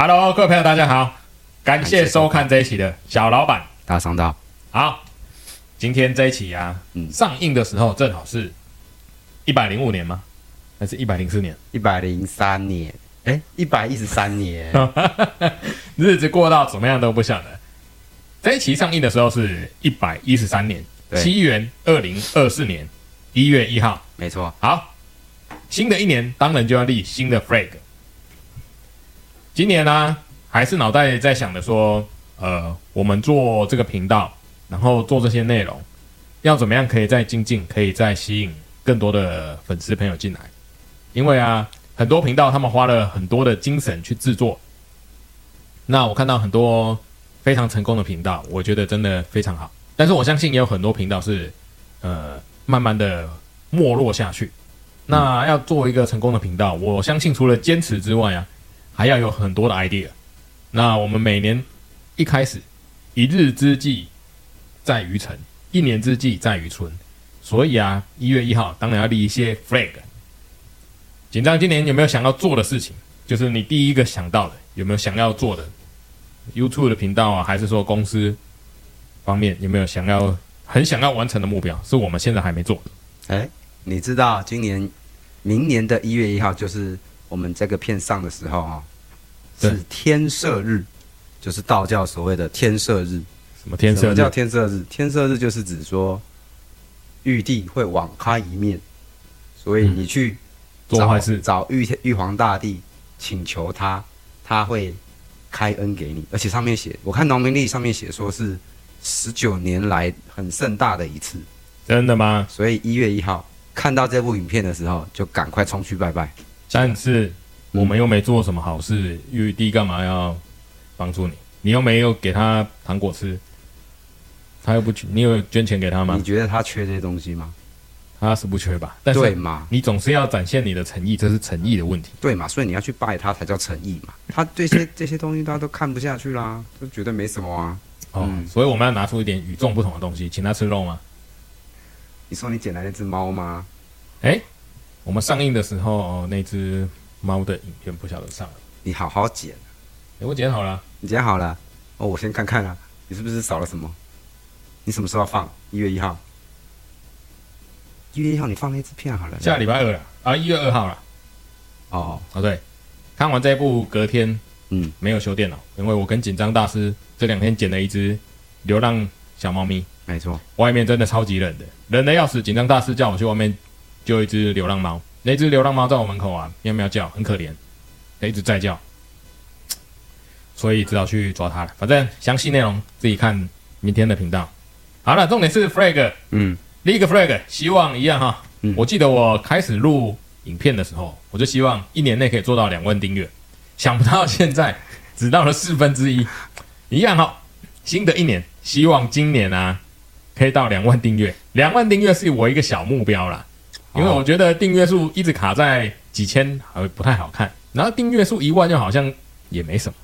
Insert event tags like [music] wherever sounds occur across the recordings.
哈嘍各位朋友，大家好！感謝收看這一期的《小老闆大商道》。好，今天這一期啊，嗯、上映的時候正好是一百零五年嗎？還是一百零四年？一百零三年？哎、欸，一百一十三年！ [laughs] 日子過到怎麼樣都不曉得。這一期上映的時候是一百一十三年，西元二零二四年一月一號，沒錯。好，新的一年當然就要立新的 flag。嗯今年呢、啊，還是腦袋在想着說，呃，我們做這個頻道，然後做這些內容，要怎麼樣可以再精進，可以再吸引更多的粉絲朋友進來。因為啊，很多頻道他們花了很多的精神去制作，那我看到很多非常成功的頻道，我覺得真的非常好。但是我相信也有很多頻道是，呃，慢慢的沒落下去。那要做一個成功的頻道，我相信除了堅持之外啊。還要有很多的 idea。那我們每年一開始，一日之計在於晨，一年之計在於春。所以啊，一月一號當然要立一些 flag。精湛，今年有沒有想要做的事情？就是你第一個想到的，有沒有想要做的？YouTube 的頻道啊，還是說公司方面有沒有想要很想要完成的目標？是我們現在還沒做的。誒，你知道今年、明年的一月一號就是我們這個片上的時候啊。對是天赦日，就是道教所謂的天赦日。什麼天赦？什麼叫天赦日？天赦日就是指說，玉帝會網開一面，所以你去做、嗯、壞事找玉玉皇大帝請求他，他會開恩給你。而且上面寫，我看農民曆上面寫說是十九年來很盛大的一次。真的嗎？所以一月一號看到這部影片的時候，就趕快衝去拜拜。但是……我們又沒做什麼好事，玉帝幹嘛要幫助你？你又沒有給他糖果吃，他又不缺，你有捐錢給他嗎？你覺得他缺這些東西嗎？他是不缺吧？但是，對嘛？你總是要展現你的誠意，這是誠意的問題對。對嘛？所以你要去拜他才叫誠意嘛。他這些 [coughs] 這些東西，大家都看不下去啦，就覺得沒什麼啊。哦，嗯、所以我們要拿出一點與眾不同的東西，請他吃肉嗎？你說你撿來那隻貓嗎？哎、欸，我們上映的時候那隻。貓的影片不曉得上了，你好好剪。啊欸，我剪好了。啊，你剪好了，哦，我先看看啦。啊，你是不是少了什麼？你什麼時候要放？一月一號？一月一號你放了一支片好了，下禮拜二了，啊，一月二號了，哦，哦，哦。啊，對，看完這一部隔天，嗯，沒有修電腦，嗯，因為我跟緊張大師這兩天撿了一隻流浪小貓咪，沒錯，外面真的超級冷的，冷的要死，緊張大師叫我去外面救一隻流浪貓。那隻流浪貓在我門口啊，喵喵叫，很可憐，它一直在叫，所以只好去抓它了。反正詳細內容自己看明天的頻道。好了，重點是 flag，嗯，立個 flag，希望一樣哈、哦。嗯、我記得我開始錄影片的時候，我就希望一年內可以做到兩萬訂閱，想不到現在只到了四分之一， [laughs] 一樣哈、哦。新的一年，希望今年啊可以到兩萬訂閱。兩萬訂閱是我一個小目標啦。因為我覺得訂閱數一直卡在幾千，還不太好看。然後訂閱數一萬就好像也沒什麼。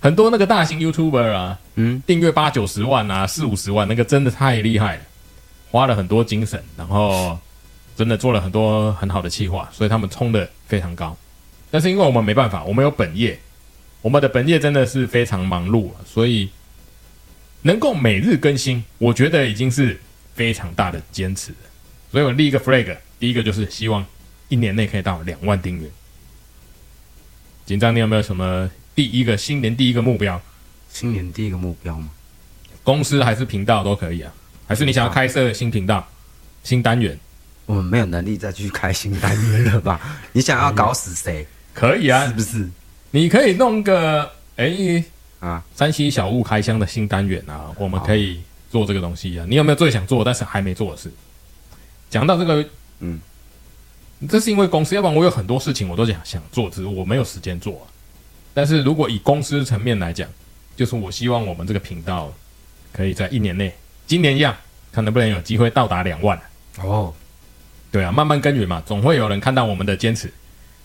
很多那個大型 YouTuber 啊，嗯，訂閱八九十萬啊，四五十萬，那個真的太厲害了，花了很多精神，然後真的做了很多很好的計劃，所以他們衝得非常高。但是因為我們沒辦法，我們有本業，我們的本業真的是非常忙碌，所以能夠每日更新，我覺得已經是非常大的堅持了。所以我立一個 flag。第一個就是希望，一年內可以到兩萬訂閱。緊張，你有沒有什麼第一個新年第一個目標？新年第一個目標嗎？公司還是頻道都可以啊，還是你想要開設新頻道，啊，新單元？我們沒有能力再去開新單元了吧？ [laughs] 你想要搞死誰，嗯？可以啊，是不是？你可以弄個哎，欸、啊，山西小物開箱的新單元啊，我們可以做這個東西啊。好你有沒有最想做但是還沒做的事？講到這個。嗯，這是因為公司，要不然我有很多事情我都想想做之，只是我沒有時間做、啊。但是如果以公司層面來講，就是我希望我們這個頻道可以在一年內，今年一樣，看能不能有機會到達兩萬、啊。哦，對啊，慢慢耕耘嘛，總會有人看到我們的堅持。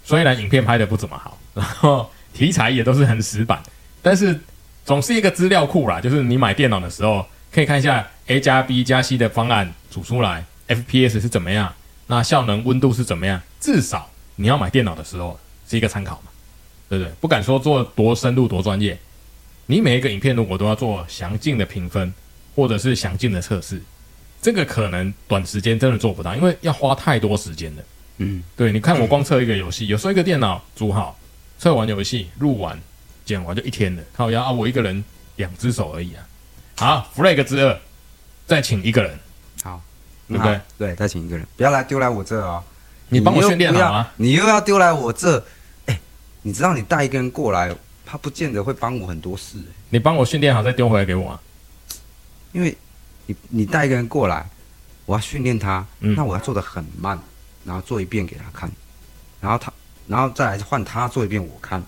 雖然影片拍得不怎麼好，然後題材也都是很死板，但是總是一個資料庫啦，就是你買電腦的時候可以看一下 A 加 B 加 C 的方案組出來，F P S 是怎麼樣。那效能、溫度是怎麼樣？至少你要買電腦的時候是一個參考嘛，對不對？不敢說做多深入、多專業。你每一個影片如果都要做詳盡的評分，或者是詳盡的測試，這個可能短時間真的做不到，因為要花太多時間了。嗯，對，你看我光測一個遊戲，嗯、有時候一個電腦組好，測完遊戲、錄完、剪完就一天了。好，靠腰啊，我一個人兩隻手而已啊。好，flag 之二，再請一個人。對，Okay. 對，再請一個人，不要來丟來我這、哦、我啊！你幫我訓練好啊。你又要丟來我這，哎、欸，你知道你帶一個人過來，他不見得會幫我很多事、欸。你幫我訓練好再丟回來給我，啊。因為你，你你帶一個人過來，我要訓練他，嗯、那我要做的很慢，然後做一遍給他看，然後他，然後再來換他做一遍我看。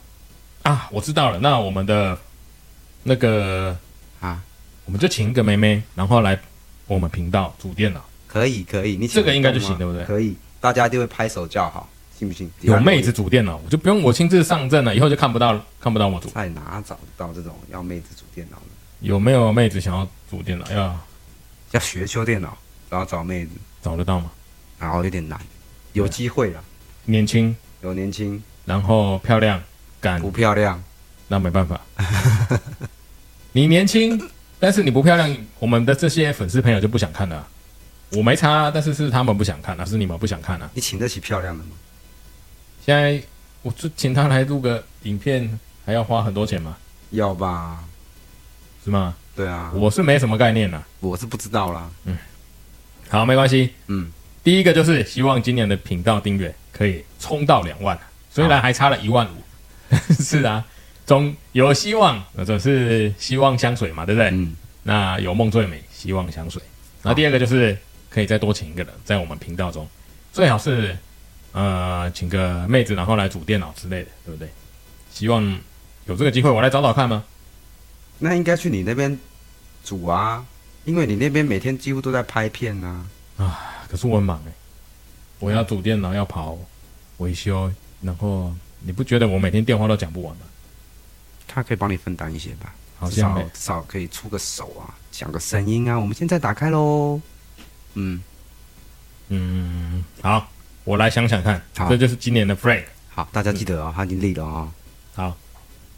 啊，我知道了，那我們的那個啊，我們就請一個妹妹，然後來我們頻道主電腦。可以，可以，你這個應該就行，對不對？可以，大家一定會拍手叫好，信不信？有妹子組電腦，我就不用我親自上陣了，以後就看不到，看不到我組。在哪找得到這種要妹子組電腦的？有沒有妹子想要組電腦？要要學修電腦，然後找，找妹子，找得到嗎？哦，有點難，有機會了、啊。年輕有年輕，然後漂亮敢不漂亮？那沒辦法， [laughs] 你年輕，但是你不漂亮，我們的這些粉絲朋友就不想看了。我沒差，但是是他們不想看啊，啊是你們不想看啊？你請得起漂亮的嗎？現在我就請他來錄個影片，還要花很多錢嗎？要吧？是嗎？對啊，我是沒什麼概念啊。我是不知道啦。嗯，好，沒關係。嗯，第一個就是希望今年的頻道訂閱可以衝到兩萬，啊，雖然還差了一萬五好。是，是啊，總有希望。那、就、這是希望相隨嘛，對不對？嗯。那有夢最美，希望相隨。那好第二個就是。可以再多請一個人在我們頻道中，最好是，呃，請個妹子然後來組電腦之類的，對不對？希望有這個機會，我來找找看嗎？那應該去你那邊組啊，因為你那邊每天幾乎都在拍片吶、啊。啊，可是我很忙、欸、我要組電腦，要跑維修，然後你不覺得我每天電話都講不完嗎？他可以幫你分擔一些吧，好像好至少沒至少可以出個手啊，講個聲音啊。嗯、我們現在打開嘍。嗯，嗯，好，我來想想看，好，這就是今年的 flag。好，大家記得哦，嗯、他已經立了啊、哦。好，嗯、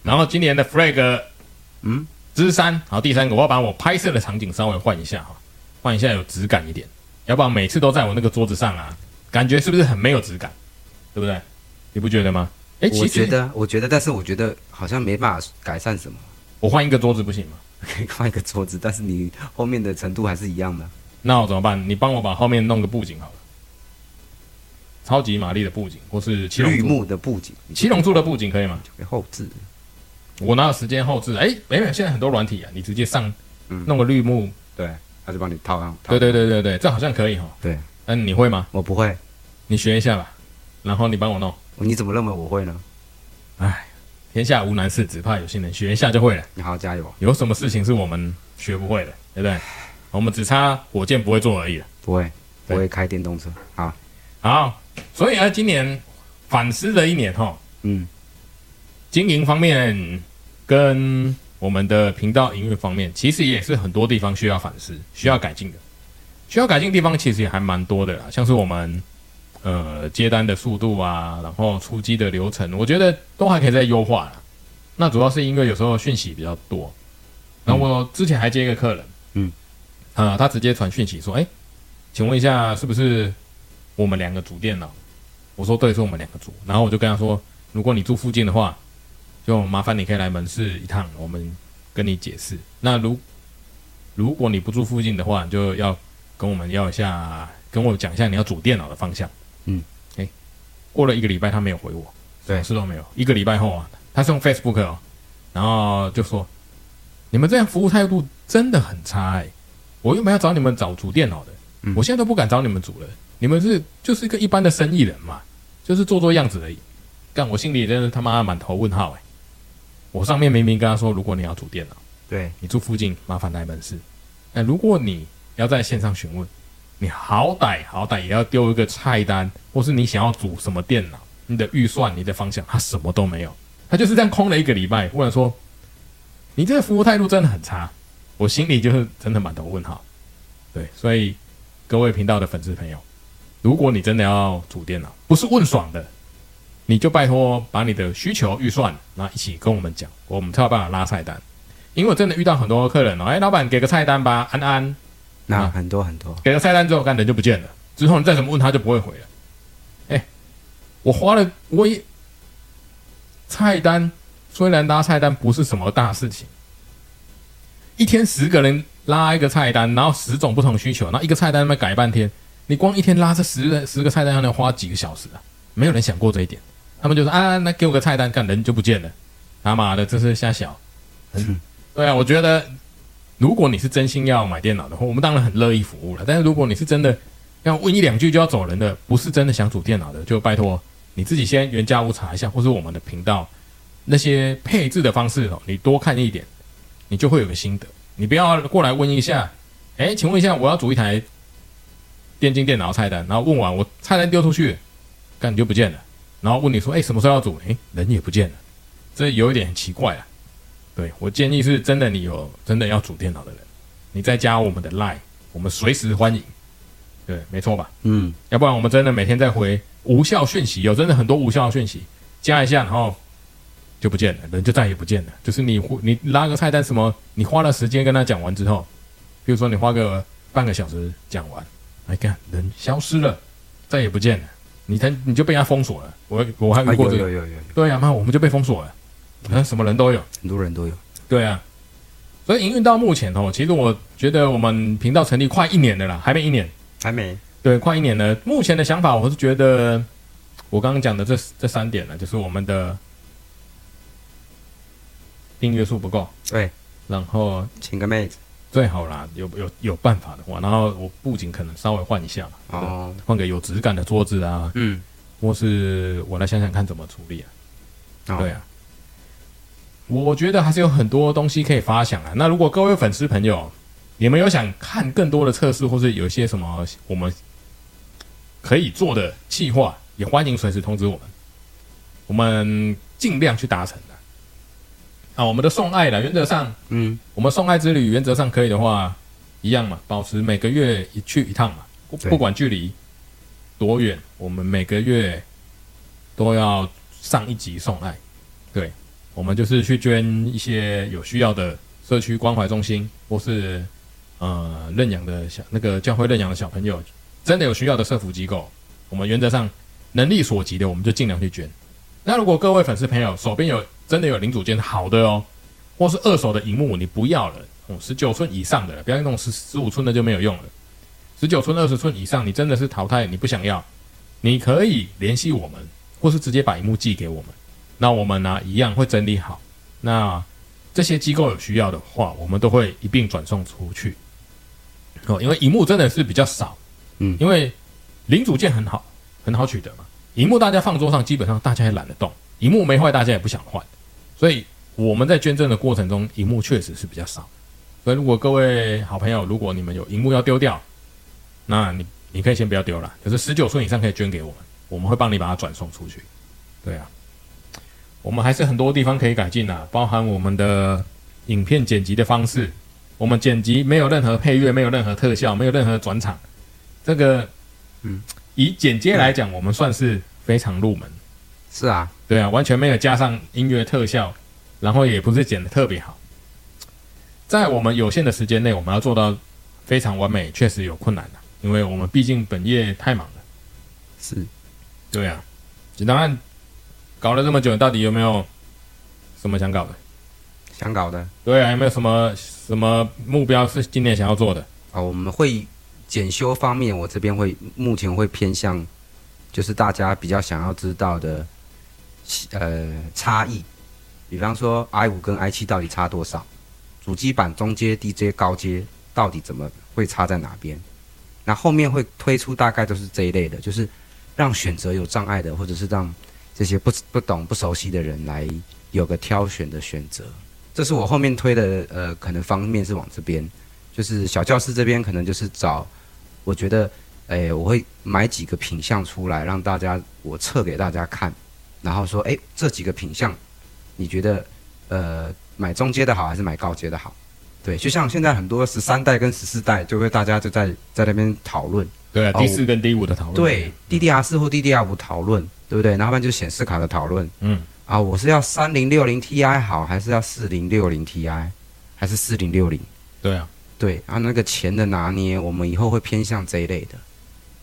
然後今年的 flag，嗯，之三，好，第三個，我要把我拍攝的場景稍微換一下哈，換一下有質感一點，要不然每次都在我那個桌子上啊，感覺是不是很沒有質感？對不對？你不覺得嗎？誒，我覺得，我覺得，但是我覺得好像沒辦法改善什麼。我換一個桌子不行嗎？可以換一個桌子，但是你後面的程度還是一樣的。那我怎麼辦？你幫我把後面弄個布景好了，超級瑪麗的布景，或是綠幕的布景，七龍珠的布景可以嗎？可後置，我哪有時間後置？哎、欸，沒、欸、有、欸，現在很多軟體啊，你直接上，弄個綠幕、嗯，對，他就幫你套上。套對對對對對，這好像可以哈。對，嗯，你會嗎？我不會，你學一下吧，然後你幫我弄。你怎麼認為我會呢？哎，天下無難事，只怕有心人，學一下就會了。你好，加油！有什麼事情是我們學不會的，對不對？我們只差火箭不會做而已了，不會，不會開電動車。對好，好，所以呢，今年反思的一年哈，嗯，經營方面跟我們的頻道營運方面，其實也是很多地方需要反思、需要改進的。需要改進的地方其實也還蠻多的啦，像是我們呃接單的速度啊，然後出機的流程，我覺得都還可以再優化啦，那主要是因為有時候訊息比較多，嗯、然後我之前還接一個客人。啊，他直接傳訊息說：“哎、欸，請問一下，是不是我們兩個組電腦？”我說：“對，是我們兩個組。”然後我就跟他說：“如果你住附近的話，就麻煩你可以來門市一趟，我們跟你解釋。那如如果你不住附近的話，你就要跟我們要一下，跟我講一下你要組電腦的方向。”嗯，哎、欸，過了一個禮拜，他沒有回我，什麼事對都沒有。一個禮拜後啊，他是用 Facebook 哦，然後就說：“你們這樣服務態度真的很差、欸。”我又沒有找你們找組電腦的，我現在都不敢找你們組了。你們是就是一個一般的生意人嘛，就是做做樣子而已。幹我心裡真的他媽滿頭問號哎、欸！我上面明明跟他說，如果你要組電腦，對，你住附近麻煩來門市。那如果你要在線上詢問，你好歹好歹也要丟一個菜單，或是你想要組什麼電腦，你的預算、你的方向、啊，他什麼都沒有，他就是這樣空了一個禮拜，忽然說，你這個服務態度真的很差。我心裡就是真的滿頭問號，對，所以各位頻道的粉絲朋友，如果你真的要組電腦，不是問爽的，你就拜托把你的需求預算然後一起跟我們講，我們才有辦法拉菜單。因為我真的遇到很多客人哦，哎，老闆給個菜單吧，安安，那很多很多，給個菜單之後，乾脆就不見了，之後你再怎麼問他就不會回了。哎，我花了我也，菜單雖然拉菜單不是什麼大事情。一天十個人拉一個菜單，然後十種不同需求，那一個菜單他改半天。你光一天拉這十十個菜單，要能花幾個小時啊！沒有人想過這一點。他們就說啊，那給我個菜單看，人就不見了。他、啊、媽的，這是瞎想。嗯，是對啊，我覺得如果你是真心要買電腦的話，我們當然很樂意服務了。但是如果你是真的要問一兩句就要走人的，不是真的想組電腦的，就拜託你自己先原價屋查一下，或是我們的頻道那些配置的方式、喔，你多看一點。你就會有個心得，你不要過來問一下，哎、欸，請問一下，我要組一台電競電腦，菜單，然後問完我菜單丟出去，感覺不見了，然後問你說，哎、欸，什麼時候要組？哎、欸，人也不見了，這有一點很奇怪啊。對我建議是，真的你有真的要組電腦的人，你再加我們的 line，我們隨時歡迎。對，沒錯吧？嗯，要不然我們真的每天在回無效訊息，有真的很多無效訊息，加一下，然後。就不見了，人就再也不見了。就是你，你拉個菜單什麼，你花了時間跟他講完之後，比如說你花個半個小時講完，來看 I got 人消失了，再也不見了。你才你就被他封鎖了。我我還沒過去、這個、對啊嘛，那我們就被封鎖了。那、嗯、什麼人都有，很多人都有。對啊，所以營運到目前哦、喔，其實我覺得我們頻道成立快一年的了，還沒一年。還沒。對，快一年了。目前的想法，我是覺得我剛剛講的這這三點呢，就是我們的。訂閱數不夠，對，然後請個妹子最好啦，有有有辦法的話，然後我布景可能稍微換一下嘛，哦，換個有質感的桌子啊，嗯，或是我來想想看怎麼處理啊，對啊，哦、我覺得還是有很多東西可以發想啊。那如果各位粉絲朋友，你們有想看更多的測試，或是有些什麼我們可以做的企劃，也歡迎隨時通知我們，我們盡量去達成、啊。啊，我們的送愛了。原則上，嗯，我們送愛之旅原則上可以的話，一樣嘛，保持每個月一去一趟嘛，不，對不管距離多遠，我們每個月都要上一級送愛。對，我們就是去捐一些有需要的社區關懷中心，或是呃認養的小那個教會認養的小朋友，真的有需要的社福機構，我們原則上能力所及的，我們就儘量去捐。那如果各位粉絲朋友手邊有。真的有零組件好的哦，或是二手的熒幕你不要了。哦、嗯，十九寸以上的，不要那種十十五寸的就沒有用了，十九寸、二十寸以上，你真的是淘汰，你不想要，你可以聯繫我們，或是直接把熒幕寄給我們，那我們呢、啊、一樣會整理好，那這些機構有需要的話，我們都會一併轉送出去哦，因為熒幕真的是比較少，嗯，因為零組件很好，很好取得嘛，熒幕大家放桌上，基本上大家也懶得動，熒幕沒壞，大家也不想換。所以我們在捐贈的過程中，熒幕確實是比較少。所以如果各位好朋友，如果你們有熒幕要丟掉，那你你可以先不要丟了。可是十九寸以上可以捐給我們，我們會幫你把它轉送出去。對啊，我們還是很多地方可以改進的，啊，包含我們的影片剪輯的方式。我們剪輯沒有任何配樂，沒有任何特效，沒有任何轉場。這個，嗯，以剪接來講，我們算是非常入門。是啊，對啊，完全沒有加上音樂特效，然後也不是剪得特別好，在我們有限的時間內，我們要做到非常完美，確實有困難的、啊，因為我們畢竟本業太忙了。是，對啊，只檔案搞了這麼久，到底有沒有什麼想搞的？想搞的？對啊，有沒有什麼什麼目標是今年想要做的？啊、哦，我們會檢修方面，我這邊會目前會偏向，就是大家比較想要知道的。呃，差異，比方說 i 五跟 i 七到底差多少？主機板中階、低階、高階到底怎麼會差在哪邊？那後面會推出大概都是這一類的，就是讓選擇有障礙的，或者是讓這些不不懂不熟悉的人來有個挑選的選擇。這是我後面推的，呃，可能方面是往這邊，就是小教室這邊可能就是找，我覺得，哎，我會買幾個品相出來讓大家我測給大家看。然後說，哎，這幾個品相，你覺得，呃，買中階的好還是買高階的好？對，就像現在很多十三代跟十四代，就會大家就在在那邊討論。對、啊，啊、第四跟第五的討論。對，D D R 四或 D D R 五討論，對不對？然後，反正就顯示卡的討論。嗯。啊，我是要三零六零 T I 好，還是要四零六零 T I，還是四零六零？對啊。對啊，那個錢的拿捏，我們以後會偏向這一類的。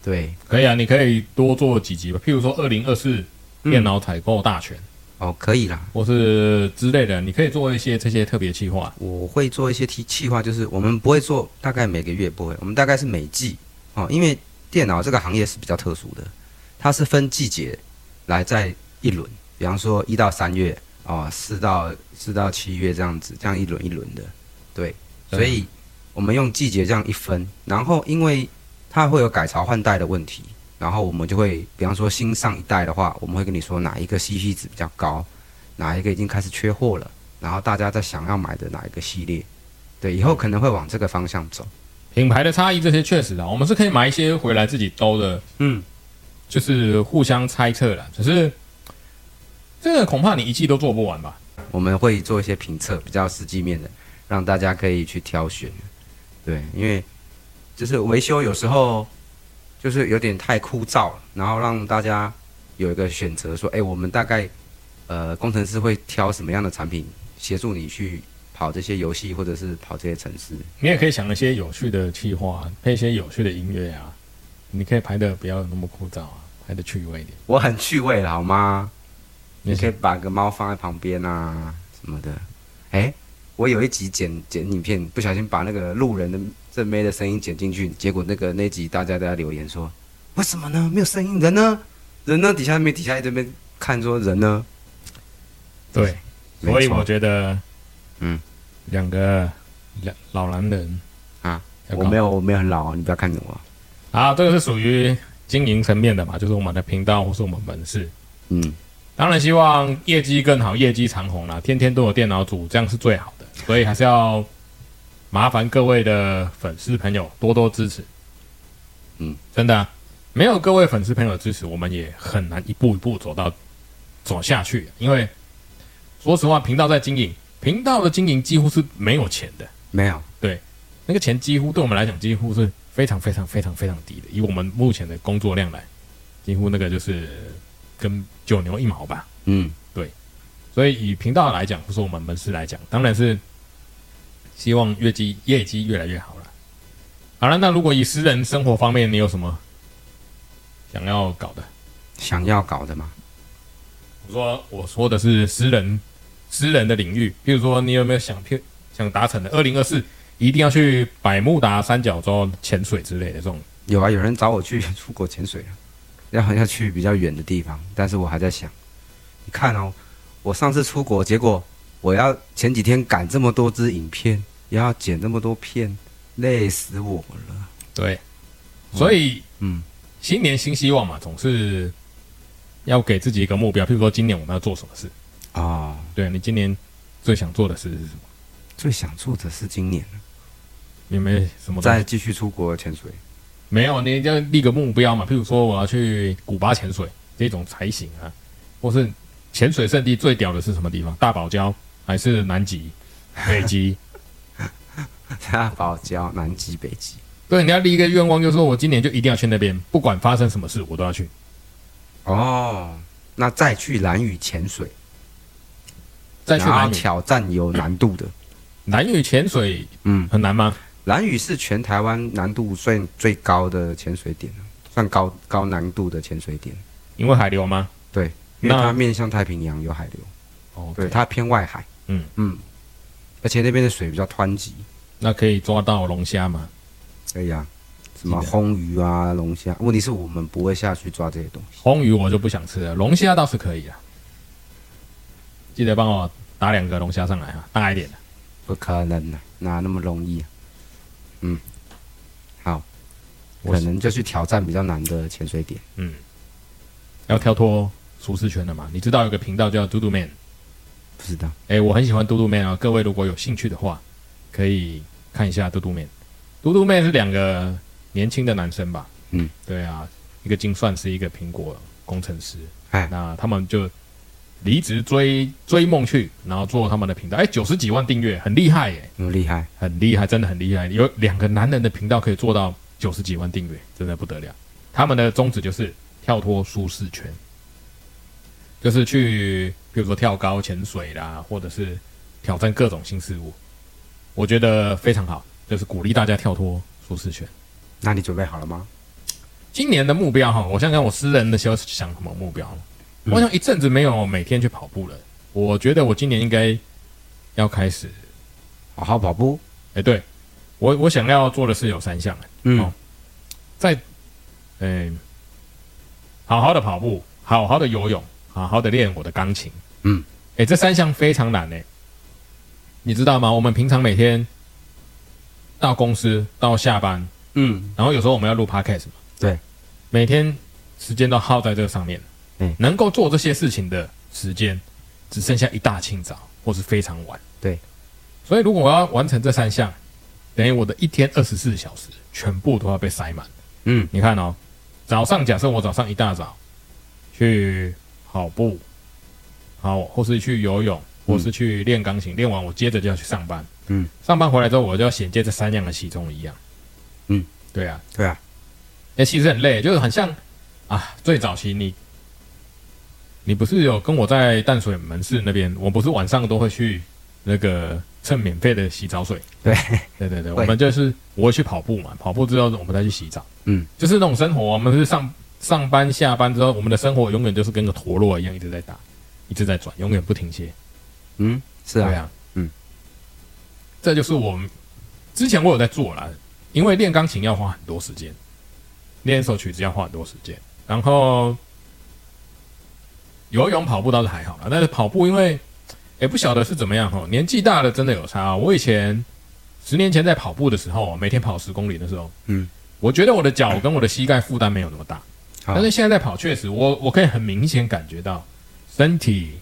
對。可以啊，你可以多做幾集吧，譬如說二零二四。電腦採購大全哦，可以啦，或是之類的，你可以做一些這些特別企劃。我會做一些提企劃，就是我們不會做，大概每個月不會，我們大概是每季哦，因為電腦這個行業是比較特殊的，它是分季節來在一輪，比方說一到三月啊，哦，四到四到七月這樣子，這樣一輪一輪的，對，對所以我們用季節這樣一分，然後因為它會有改朝換代的問題。然後我們就會，比方說新上一代的話，我們會跟你說哪一個 CP 值比較高，哪一個已經開始缺貨了，然後大家在想要買的哪一個系列，對，以後可能會往這個方向走。品牌的差異這些確實啊，我們是可以買一些回來自己兜的，嗯，就是互相猜測了。可是這個恐怕你一季都做不完吧？我們會做一些評測，比較實際面的，讓大家可以去挑選。對，因為就是維修有時候。就是有點太枯燥了，然後讓大家有一個選擇，說：“欸，我們大概，呃，工程師會挑什麼樣的產品協助你去跑這些遊戲，或者是跑這些程式？你也可以想一些有趣的企劃，配一些有趣的音樂啊，你可以拍得不要那麼枯燥啊，拍得趣味一點。我很趣味了，好嗎？你可以把個貓放在旁邊啊，什麼的。欸，我有一集剪剪影片，不小心把那個路人的。沒的聲音剪進去，結果那個那集大家都在留言說：“為什麼呢？沒有聲音，人呢？人呢？底下沒底下一直沒看，說人呢？”對，所以我覺得，嗯，兩個老男人啊，我沒有我沒有很老啊，你不要看着我啊。這個是屬於經營層面的嘛，就是我們的頻道或是我們門市，嗯，當然希望業績更好，業績長紅啦。天天都有電腦組，這樣是最好的，所以還是要。麻煩各位的粉絲朋友多多支持，嗯，真的啊，沒有各位粉絲朋友的支持，我們也很難一步一步走到走下去。因為說實話，頻道在經營，頻道的經營幾乎是沒有錢的，沒有，對，那個錢幾乎對我們來講，幾乎是非常非常非常非常低的。以我們目前的工作量來，幾乎那個就是跟九牛一毛吧。嗯，對，所以以頻道來講，不是我們門市來講，當然是。希望業績業績越來越好了。好了，那如果以私人生活方面，你有什麼想要搞的？想要搞的嗎？我說，我說的是私人、私人的領域，比如說，你有沒有想偏、想達成的？二零二四一定要去百慕達三角洲潛水之類的這種？有啊，有人找我去出國潛水了，要要去比較遠的地方，但是我還在想，你看哦，我上次出國，結果。我要前幾天趕這麼多支影片，也要剪這麼多片，累死我了。對，所以嗯、嗯，新年新希望嘛，總是要給自己一個目標。譬如說，今年我們要做什麼事啊？哦、對你今年最想做的事是什麼？最想做的是今年，有沒有什麼，再繼續出國潛水？沒有，你要立個目標嘛。譬如說，我要去古巴潛水這種才行啊。或是潛水聖地最屌的是什麼地方？大堡礁。還是南極、北極？ [laughs] 他保交南極、北極。對，你要立一個願望，就是說我今年就一定要去那邊，不管發生什麼事，我都要去。哦，那再去蘭嶼潛水，再去蘭嶼挑戰有難度的蘭嶼潛水，嗯，很難嗎？蘭嶼、嗯、是全台灣難度算最高的潛水點，算高高難度的潛水點。因為海流嗎？對，那它面向太平洋，有海流。哦那，對，Okay. 它偏外海。嗯嗯，而且那邊的水比較湍急，那可以抓到龍蝦嗎？可以啊，什麼烘魚啊、龍蝦的，問題是我們不會下去抓這些東西。烘魚我就不想吃了，龍蝦倒是可以啊。記得幫我打兩個龍蝦上來啊，大一點的、啊。不可能的、啊，哪那麼容易、啊？嗯，好，我是可能就去挑戰比較難的潛水點。嗯，要跳脫舒適圈了嗎？你知道有個頻道叫嘟嘟 man。不知道，哎、欸，我很喜歡嘟嘟妹啊。各位如果有興趣的話，可以看一下嘟嘟妹。嘟嘟妹是兩個年輕的男生吧？嗯，對啊，一個精算師，一個蘋果工程師。哎嘿，那他們就離職追追夢去，然後做他們的頻道。哎、欸，九十幾萬訂閱，很厲害耶、欸！很厲、嗯、害，很厲害，真的很厲害。有兩個男人的頻道可以做到九十幾萬訂閱，真的不得了。他們的宗旨就是跳脫舒適圈。就是去，比如說跳高、潛水啦，或者是挑戰各種新事物，我覺得非常好。就是鼓勵大家跳脫舒適圈。那你準備好了嗎？今年的目標哈，我想想我私人的時候想什麼目標？嗯、我想一陣子沒有每天去跑步了，我覺得我今年應該要開始好好跑步。哎，欸、對，我我想要做的事有三項、欸，嗯，在，嗯、欸、好好的跑步，好好的游泳，好好的練我的鋼琴。嗯，哎，這三項非常難呢，你知道嗎？我們平常每天到公司到下班，嗯，然後有時候我們要錄 podcast 嗎？對，每天時間都耗在這個上面。嗯，能夠做這些事情的時間只剩下一大清早或是非常晚。對，所以如果我要完成這三項，等於我的一天二十四小時全部都要被塞滿。嗯，你看哦，早上假設我早上一大早去。跑步，好，或是去游泳，或是去練鋼琴。嗯、練完我接着就要去上班。嗯，上班回來之後，我就要銜接這三樣的其中一樣。嗯，對啊，對啊。哎，其實很累，就是很像啊。最早期你，你不是有跟我在淡水門市那邊？我不是晚上都會去那個蹭免費的洗澡水？對，對對對，我們就是我會去跑步嘛，跑步之後我們再去洗澡。嗯，就是那種生活，我們是上。上班下班之後，我們的生活永遠都是跟個陀螺一樣，一直在打，一直在轉，永遠不停歇。嗯，是啊，對啊，嗯，這就是我之前我有在做啦。因為練鋼琴要花很多時間，練一首曲子要花很多時間。然後游泳、跑步倒是還好啦，但是跑步因為，也不曉得是怎麼樣哦。年紀大了真的有差。我以前十年前在跑步的時候，每天跑十公里的時候，嗯，我覺得我的腳跟我的膝蓋負擔沒有那麼大。但是現在在跑，確好實我，我我可以很明顯感覺到身體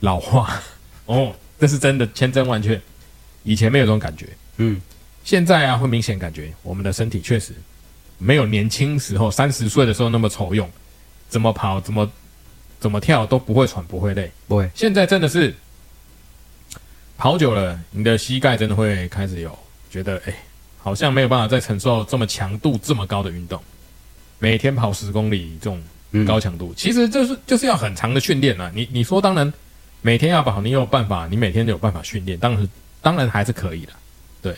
老化。哦，這是真的，千真萬確。以前沒有這種感覺，嗯，現在啊，會明顯感覺我們的身體確實沒有年輕時候三十歲的時候那麼好用。怎麼跑，怎麼怎麼跳都不會喘，不會累，不會。現在真的是跑久了，你的膝蓋真的會開始有覺得，哎、欸，好像沒有辦法再承受這麼強度、這麼高的運動。每天跑十公里這種高強度，嗯、其實就是就是要很長的訓練啊，你你說當然，每天要跑，你有辦法，你每天都有辦法訓練，當然當然還是可以的，對。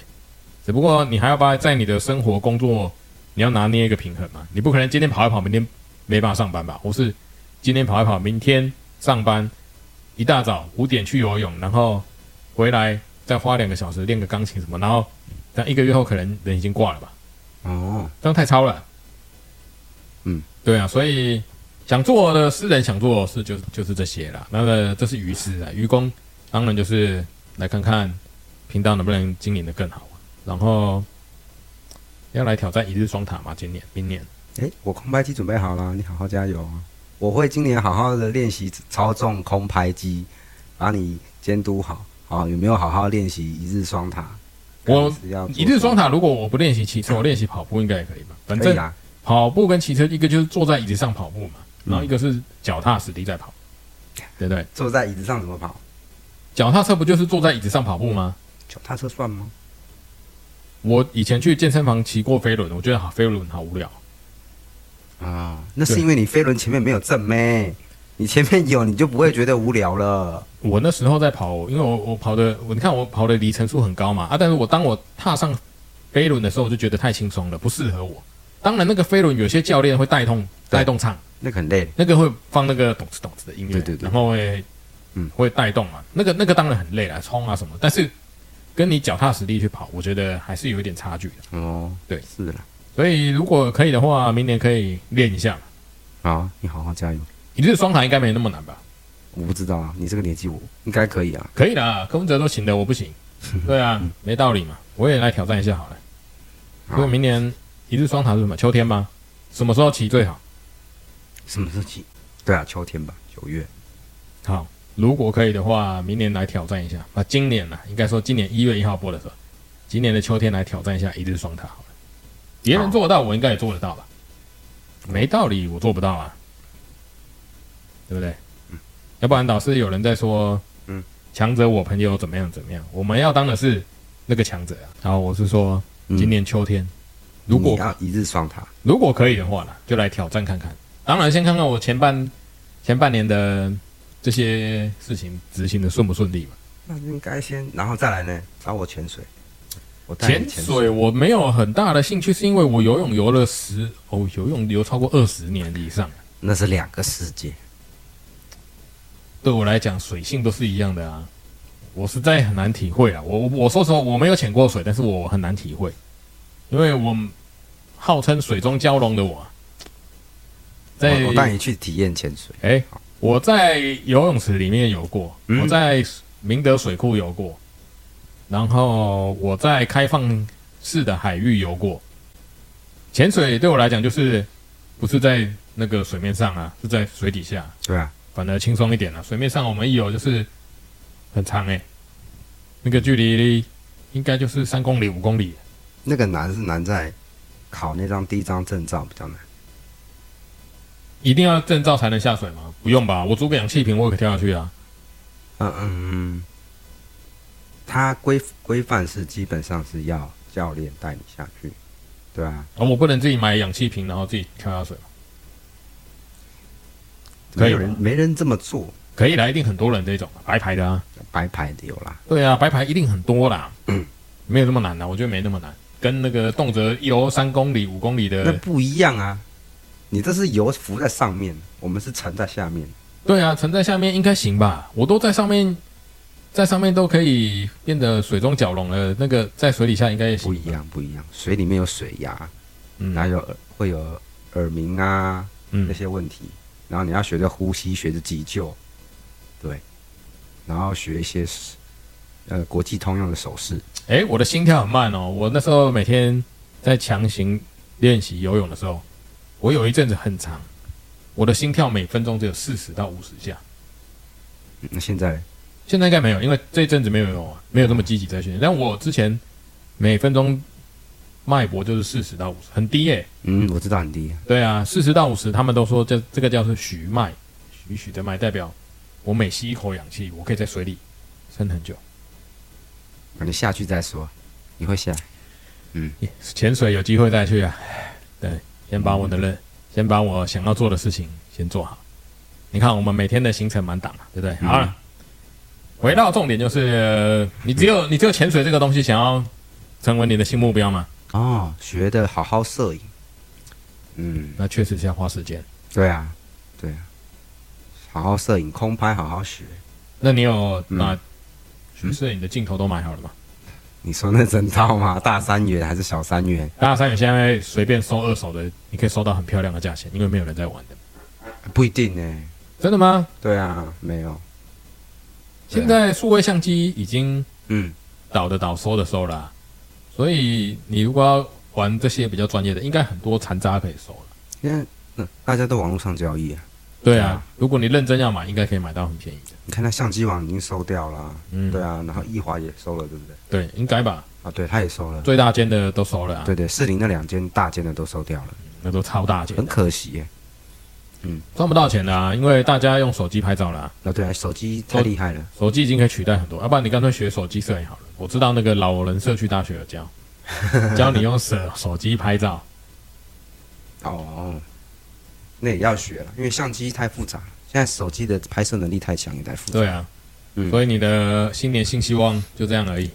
只不過你還要把在你的生活、工作，你要拿捏一個平衡嘛。你不可能今天跑一跑，明天沒辦法上班吧？或是今天跑一跑，明天上班，一大早五點去游泳，然後回來再花兩個小時練個鋼琴什麼，然後但一個月後可能人已經掛了吧？哦，這樣太操了。嗯，對啊，所以想做的私人想做的事就就是這些了。那個這是於私啊，於公當然就是來看看頻道能不能經營得更好。然後要來挑戰一日雙塔嘛，今年、明年。哎，我空拍機準備好了，你好好加油啊！我會今年好好的練習操縱空拍機，把你監督好。好，哦，有沒有好好練習一日雙塔？我一日雙塔，如果我不練習騎車，我練習跑步應該也可以吧？反正。跑步跟騎車，一個就是坐在椅子上跑步嘛，嗯、然後一個是腳踏實地在跑，嗯、對不對，對？坐在椅子上怎麼跑？腳踏車不就是坐在椅子上跑步嗎？腳踏車算嗎？我以前去健身房騎過飛輪，我覺得好飛輪好無聊啊。那是因為你飛輪前面沒有正妹，對你前面有你就不會覺得無聊了。我那時候在跑，因為我我跑的我你看我跑的里程數很高嘛啊，但是我當我踏上飛輪的時候，我就覺得太輕鬆了，不適合我。當然，那個飛輪有些教練會帶動帶動唱，那個很累。那個會放那個咚次咚次的音樂，對對對，然後會，嗯，會帶動啊。那個那個當然很累了，衝啊什麼。但是跟你腳踏實地去跑，我覺得還是有一點差距的。哦，對，是的。所以如果可以的話，明年可以練一下。啊，你好好加油。你這個雙台應該沒那麼難吧？我不知道啊，你這個年紀，我應該可以啊。可以啦，柯文哲都行的，我不行。對啊，沒道理嘛。我也來挑戰一下好了。如果明年。一日雙塔是什麼？秋天嗎？什麼時候騎最好？什麼時候騎？對啊，秋天吧，九月。好，如果可以的話，明年來挑戰一下。那、啊、今年呢、啊？應該說今年一月一號播的時候，今年的秋天來挑戰一下一日雙塔好了。別人做得到，我應該也做得到吧？好沒道理，我做不到啊，對不對？嗯。要不然老是有人在說，嗯，強者我朋友怎麼樣怎麼樣？我們要當的是那個強者啊。然後我是說，今年秋天、嗯。如果要一日雙塔，如果可以的話呢，就來挑戰看看。當然，先看看我前半前半年的這些事情執行的順不順利吧。那應該先然後再來呢？找我潛水，我潛水，水我沒有很大的興趣，是因為我游泳游了十哦，游泳游超過二十年以上。那是兩個世界，對我來講水性都是一樣的啊。我實在很難體會啊。我我我說實話，我沒有潛過水，但是我很難體會，因為我。號稱水中蛟龍的我，在我帶你去體驗潛水。哎、欸，好我在游泳池裡面游過，嗯、我在明德水庫游過，然後我在開放式的海域游過。潛水對我來講就是不是在那個水面上啊，是在水底下。對啊，反而輕鬆一點了，啊。水面上我們一游就是很長哎、欸，那個距離應該就是三公里、五公里。那個難是難在。考那張第一張證照比較難。一定要證照才能下水嗎？不用吧，我租個氧氣瓶，我也可以跳下去啊。嗯嗯，他、嗯嗯、規規範是基本上是要教練帶你下去，對啊，而、哦、我不能自己買氧氣瓶，然後自己跳下水嗎？沒有人，可以吧？沒人這麼做。可以啦，一定很多人這種白牌的啊，白牌的有啦。對啊，白牌一定很多啦，嗯、沒有那麼難的，我覺得沒那麼難。跟那個動輒游三公里、五公里的那不一樣啊！你這是游浮在上面，我們是沉在下面。對啊，沉在下面應該行吧？我都在上面，在上面都可以變得水中蛟龍了。那個在水底下應該也行。不一樣，不一樣。水裡面有水壓，還有、嗯、會有耳鳴啊那些問題。嗯、然後你要學着呼吸，學着急救，對。然後學一些是呃國際通用的手勢。誒、欸，我的心跳很慢哦。我那時候每天在強行練習游泳的時候，我有一陣子很長，我的心跳每分鐘只有四十到五十下。那、嗯、現在？現在應該沒有，因為這一陣子沒有游啊，沒有那麼積極在訓練。嗯、但我之前每分鐘脈搏就是四十到五十，很低耶、欸。嗯，我知道很低、啊。對啊，四十到五十，他們都說這這個叫做徐脈，徐徐的脈代表我每吸一口氧氣，我可以在水裡撐很久。啊、你下去再說，你會下？嗯，潛水有機會再去啊。對，先把我的，嗯、先把我想要做的事情先做好。你看，我們每天的行程滿檔了，對不對？嗯、好了，回到重點，就是你只有、嗯、你只有潛水這個東西，想要成為你的新目標嗎？哦，學的好好攝影。嗯，那確實是要花時間。對啊，對啊，好好攝影，空拍好好學。那你有哪？嗯不是、嗯、你的鏡頭都買好了嗎？你說那整套嗎？大三元還是小三元？大三元現在隨便收二手的，你可以收到很漂亮的價錢，因為沒有人在玩的。不一定呢、欸，真的嗎？對啊，沒有。現在數位相機已經嗯、啊，倒的倒，收的收了、啊，嗯、所以你如果要玩這些比較專業的，應該很多殘渣可以收了。因為、呃、大家都網絡上交易啊。對啊，啊如果你認真要買，應該可以買到很便宜的。你看，那相機網已經收掉了，嗯，對啊，然後一華也收了，對不對？嗯、對，應該吧。啊，對，他也收了，最大間的都收了、啊。對,對對，四零那兩間大間的都收掉了、嗯，那都超大間，很可惜、欸。嗯，賺不到錢啊，因為大家用手機拍照了。啊，哦、對啊，手機太厲害了，手機已經可以取代很多，要、啊、不然你乾脆學手機攝影好了。我知道那個老人社區大學的教，教你用手手機拍照。 [laughs] 哦,哦，那也要學了，因為相機太複雜。現在手機的拍攝能力太強，也太複雜。對啊，所以你的新年新希望就這樣而已。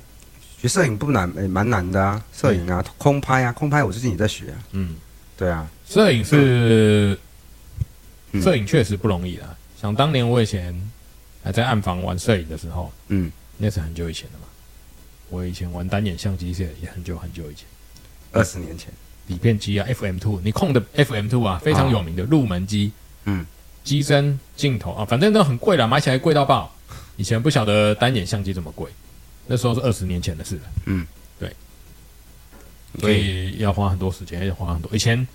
學攝影不難，也蠻難的啊！攝影啊，空拍啊，空拍我最近也在學啊。嗯，對啊，攝影是，攝影確實不容易啊。想當年我以前還在暗房玩攝影的時候，嗯，那是很久以前的嘛。我以前玩單眼相機現在也很久很久以前，二十年前底片機啊，FM Two，尼康的 FM Two 啊，非常有名的入門機，嗯。機身、鏡頭啊，反正都很貴啦，買起來貴到爆。以前不曉得單眼相機這麼貴，那時候是二十年前的事了。嗯，對，所以要花很多時間，要花很多。以前、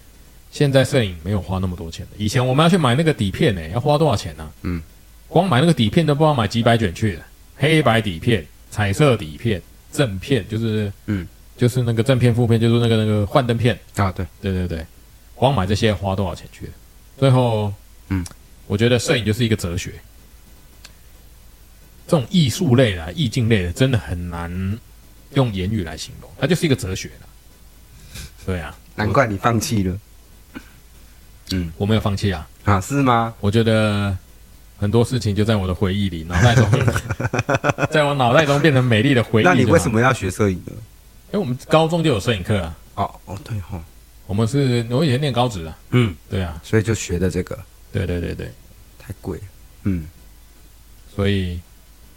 現在攝影沒有花那麼多錢的。以前我們要去買那個底片呢、欸，要花多少錢呢？嗯，光買那個底片都不知道買幾百卷去了。黑白底片、彩色底片、正片，就是嗯，就是那個正片、負片，就是那個那個幻燈片啊。對，對對對，光買這些要花多少錢去？最後。嗯，我覺得攝影就是一個哲學。嗯、這種藝術類的、啊、意境類的，真的很難用言語來形容，它就是一個哲學。對啊，難怪你放棄了。嗯，我沒有放棄啊。啊，是嗎？我覺得很多事情就在我的回憶裡，腦袋中， [laughs] [laughs] 在我腦袋中變成美麗的回憶 [laughs] 好。那你為什麼要學攝影呢？因為我們高中就有攝影課啊。哦哦，對哈、哦，我們是，我以前念高職啊。嗯，對啊，所以就學的這個。對對對對，太貴。嗯，所以，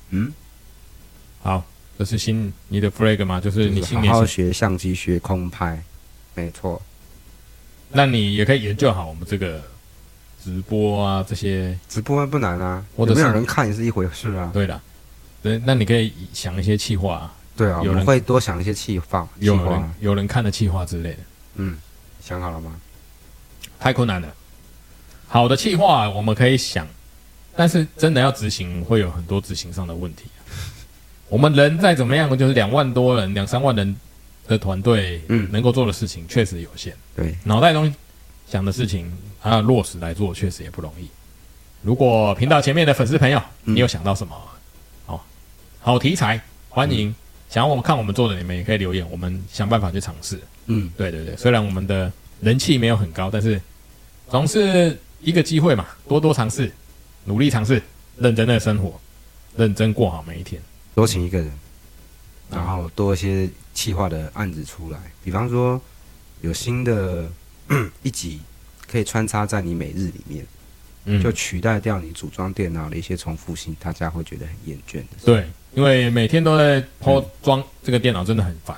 嗯，好，這是新你的 flag 嗎？就是你新年新就是好好學相機，學空拍。沒錯，那你也可以研究好我們這個直播啊，這些直播不難啊，我都沒有人看也是一回事啊？嗯、對的，對，那你可以想一些企劃、啊。對啊，有人我們會多想一些企劃，有人有人看的企劃之類的。嗯，想好了嗎？太困難了。好的計劃我們可以想，但是真的要執行，會有很多執行上的問題、啊。 [laughs] 我們人再怎麼樣，就是兩萬多人、兩三萬人的團隊，嗯，能夠做的事情確實有限。嗯、對，腦袋中想的事情，啊，落實來做確實也不容易。如果頻道前面的粉絲朋友，嗯、你有想到什麼、哦、好好題材，歡迎、嗯、想要我們看我們做的，你們也可以留言，我們想辦法去嘗試。嗯，對對對，雖然我們的人氣沒有很高，但是總是一個機會嘛，多多嘗試，努力嘗試，認真的生活，認真過好每一天。多請一個人，嗯、然後多一些企劃的案子出來，比方說有新的、嗯、一集可以穿插在你每日裡面，嗯，就取代掉你組裝電腦的一些重複性，大家會覺得很厭倦。對，因為每天都在剖裝、嗯、這個電腦真的很煩，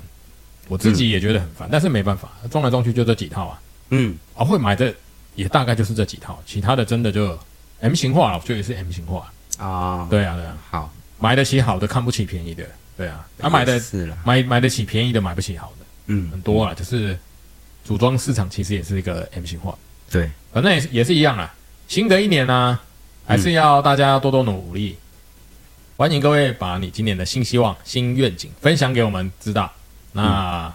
我自己也覺得很煩，嗯、但是沒辦法，裝來裝去就這幾套啊，嗯，啊、哦、會買的。也大概就是這幾套，其他的真的就，M 型化了，我覺得也是 M 型化，oh, 對啊。對啊，對啊。好，買得起好的，看不起便宜的。對啊，他，啊，買的，是了。買買得起便宜的，買不起好的。嗯，很多啊，就是組裝市場其實也是一個 M 型化。對，反正也也是一樣啦。新的一年呢，啊，還是要大家多多努力。嗯，歡迎各位把你今年的新希望，新願景分享給我們知道。那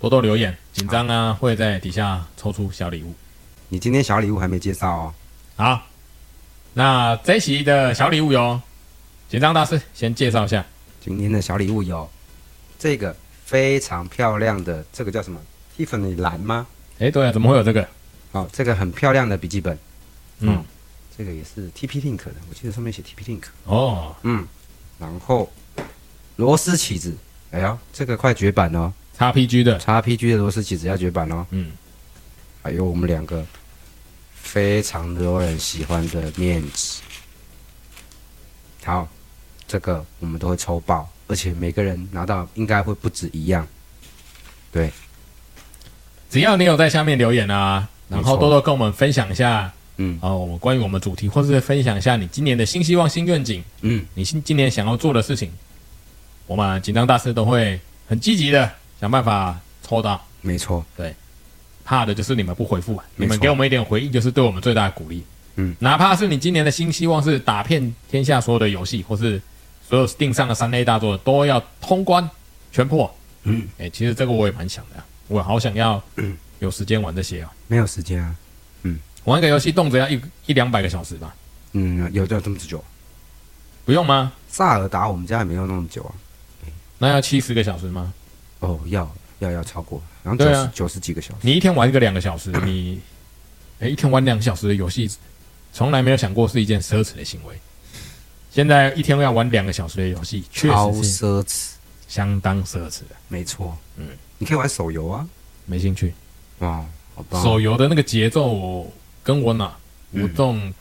多多留言，緊張啊，好會在底下抽出小禮物。你今天小禮物還沒介紹哦，好，那這期的小禮物喲，緊張大師先介紹一下。今天的小禮物有這個非常漂亮的，這個叫什麼？Tiffany 藍嗎？哎、欸，對啊，怎麼會有這個？好、哦，這個很漂亮的筆記本，嗯，嗯，這個也是 TP Link 的，我記得上面寫 TP Link。哦，嗯，然後螺絲起子，哎呀，這個快絕版了、哦。XPG 的 XPG 的螺絲起子要絕版了、哦。嗯，還有、哎、我們兩個。非常多人喜歡的面子，好，這個我們都會抽爆，而且每個人拿到應該會不止一樣，對。只要你有在下面留言啊，然後多多跟我們分享一下，嗯，哦，我們關於我們主題，或是分享一下你今年的新希望、新願景，嗯，你新今年想要做的事情，我們精湛大師都會很積極的想辦法抽到，沒錯，對。怕的就是你們不回復、啊，沒錯，你們給我們一點回應，就是對我們最大的鼓勵。嗯，哪怕是你今年的新希望是打遍天下所有的遊戲，或是所有定上的三 A 大作的都要通關全破。嗯，哎、欸，其實這個我也蠻想的、啊，我好想要有時間玩這些哦、啊，沒有時間啊。嗯，玩一個遊戲動輒要一一兩百個小時吧。嗯，要要這麼久？不用嗎？薩爾達我們家也沒有那麼久啊。那要七十個小時嗎？哦，要。要要超過，然後90，對啊，九十幾個小時，你一天玩一個兩個小時，你，哎， [coughs] 一天玩兩個小時的遊戲，從來沒有想過是一件奢侈的行為。現在一天要玩兩個小時的遊戲，確實奢超奢侈，相當奢侈，沒錯。嗯，你可以玩手遊啊，沒興趣。哇，好棒，手遊的那個節奏跟我腦不、嗯、動，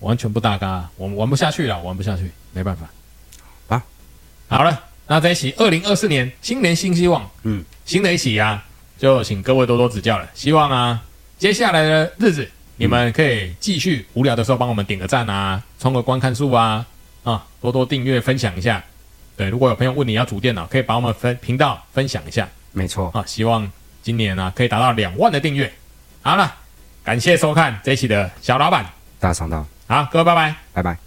完全不搭嘎，我們玩不下去了，玩不下去，沒辦法。啊，好了。那這一期二零二四年新年新希望，嗯，新的一期啊，就請各位多多指教了。希望啊，接下來的日子你們可以繼續無聊的時候幫我們點個讚啊，衝個觀看數啊，啊，多多訂閱分享一下。對，如果有朋友問你要組電腦，可以把我們分頻道分享一下。沒錯，啊，希望今年啊可以達到兩萬的訂閱。好了，感謝收看這一期的小老闆大商道。好，各位拜拜，拜拜。